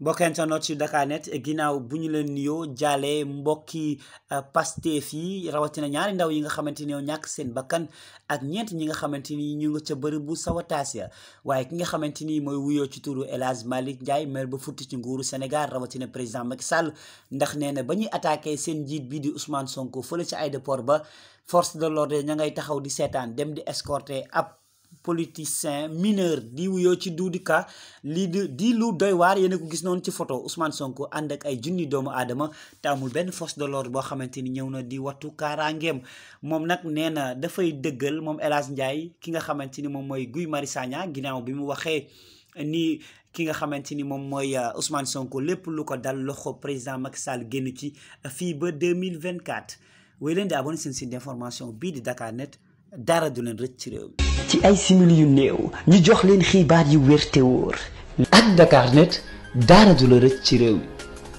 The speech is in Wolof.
mbokk internet yu Dakar Net ginnaaw bu ñu leen nuyoo jaale mbokki euh, Pastef yi rawatina ñaari ndaw yi nga xamante ni ñàkk seen bakkan ak ñeent ñi nga xamante ni ñu nga ca bërëb bu sawataas ya waaye ki nga xamante ni mooy wuyoo ci turu El Hadj Malick Ndiaye ba futti ci nguuru Sénégal rawatina président Macky Sall ndax nee na ba ñuy attaqué seen njiit bii di usmaan Sonko fële ci aéroport ba force de l'ordre ña ngay taxaw di seetaan dem di escorter ab politicien mineur di yoo ci Doudou Ka lii di di lu doy waar yéen a ko gis noonu ci photo Ousmane Sonko ànd ak ay junni doomu aadama te amul benn force de l'ordre boo xamante ni ñëw na di wattu kaaraangeem moom nag nee na dafay dëggal moom El Hadj Ndiaye ki nga xamante ni moom mooy Guy Marius ginnaaw bi mu waxee ni ki nga xamante ni moom mooy uh, Ousmane Sonko lépp lu ko dal loxo président Macky Sall génn ci uh, fii ba 2024 way leen di abonné seen site d'information bii di Dakar Net du ci ay simili yu néew ñu jox leen xibaar yu wér te wóor. ak Dakarnet daara du la rëcc ci réew mi.